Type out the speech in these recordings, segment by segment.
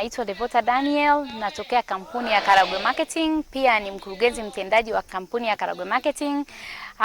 Naitwa Devota Daniel, natokea kampuni ya Karagwe Marketing, pia ni mkurugenzi mtendaji wa kampuni ya Karagwe Marketing. Uh,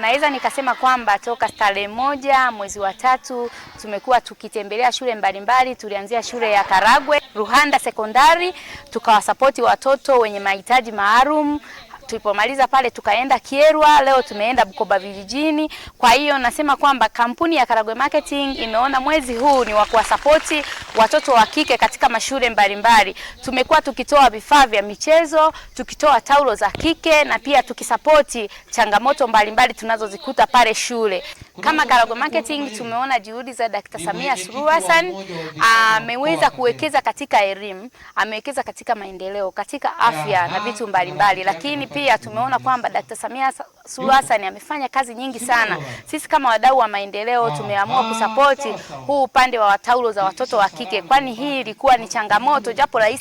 naweza nikasema kwamba toka tarehe moja mwezi wa tatu tumekuwa tukitembelea shule mbalimbali. Tulianzia shule ya Karagwe Ruhanda Sekondari, tukawasapoti watoto wenye mahitaji maalum tulipomaliza pale tukaenda Kierwa, leo tumeenda Bukoba vijijini. Kwa hiyo nasema kwamba kampuni ya Karagwe Marketing imeona mwezi huu ni wa kuwasapoti watoto wa kike katika mashule mbalimbali. Tumekuwa tukitoa vifaa vya michezo, tukitoa taulo za kike na pia tukisapoti changamoto mbalimbali tunazozikuta pale shule. Kama Karagwe Marketing tumeona juhudi za Dkt. Samia Suluhu Hassan ameweza kuwekeza katika elimu, amewekeza katika maendeleo, katika afya na vitu mbalimbali, lakini pia tumeona kwamba Dkt. Samia Suluhu Hassan amefanya kazi nyingi sana. Sisi kama wadau wa maendeleo tumeamua kusapoti huu upande wa taulo za watoto wa kike kike, kwani hii ilikuwa ni changamoto. Japo rais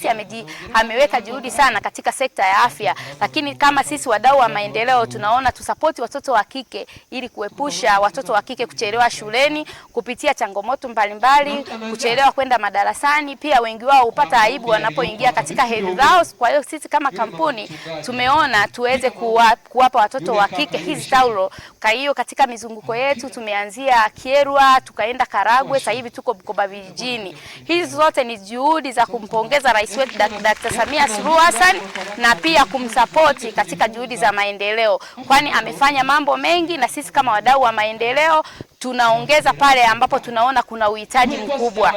ameweka juhudi sana katika sekta ya afya, lakini kama sisi wadau wa maendeleo tunaona tusapoti watoto wa kike ili kuepusha watoto wa kike kuchelewa shuleni kupitia changamoto mbalimbali, kuchelewa kwenda madarasani. Pia wengi wao hupata aibu wanapoingia katika hedhi zao. Kwa hiyo sisi kama kampuni tumeona tuweze kuwa, kuwapa watoto wa kike hizi taulo. Kwa hiyo katika mizunguko yetu tumeanzia Kierwa, tukaenda Karagwe, sasa hivi tuko Bukoba vijijini. Hizi zote ni juhudi za kumpongeza rais wetu Dkt. Samia Suluhu Hassan na pia kumsapoti katika juhudi za maendeleo, kwani amefanya mambo mengi, na sisi kama wadau wa maendeleo tunaongeza pale ambapo tunaona kuna uhitaji mkubwa.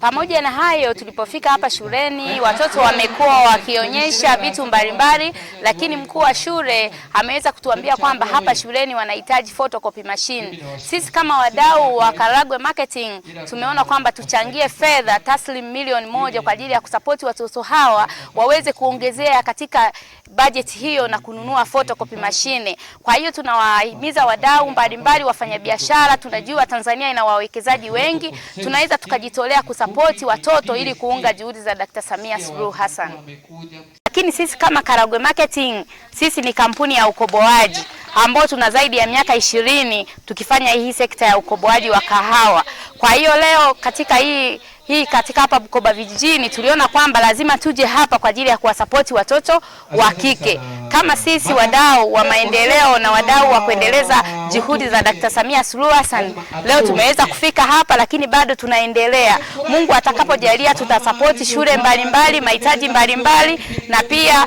Pamoja na hayo, tulipofika hapa shuleni watoto wamekuwa wakionyesha vitu mbalimbali, lakini mkuu wa shule ameweza kutuambia kwamba hapa shuleni wanahitaji photocopy machine. Sisi kama wadau wa Karagwe Marketing tumeona kwamba tuchangie fedha taslim milioni moja kwa ajili ya kusapoti watoto hawa waweze kuongezea katika bajeti hiyo na kununua photocopy machine. Kwa hiyo tunawahimiza wadau mbalimbali, wafanyabiashara, tunajua Tanzania ina wawekezaji wengi, tunaweza tukajitolea kusapoti watoto ili kuunga juhudi za Dr. Samia Suluhu Hassan. Lakini sisi kama Karagwe Marketing, sisi ni kampuni ya ukoboaji ambao tuna zaidi ya miaka ishirini tukifanya hii sekta ya ukoboaji wa kahawa. Kwa hiyo leo katika hii hii katika hapa Bukoba vijijini, tuliona kwamba lazima tuje hapa kwa ajili ya kuwasapoti watoto wa kike kama sisi wadau wa maendeleo na wadau wa kuendeleza juhudi za Dkt. Samia Suluhu Hassan. Leo tumeweza kufika hapa, lakini bado tunaendelea. Mungu atakapojalia, tutasapoti shule mbalimbali, mahitaji mbalimbali, na pia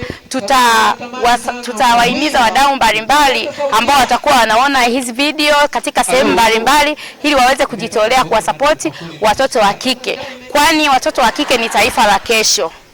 tutawahimiza tuta wadau mbalimbali ambao watakuwa wanaona hizi video katika sehemu mbalimbali, ili waweze kujitolea kuwasapoti watoto wa kike kwani watoto wa kike ni taifa la kesho.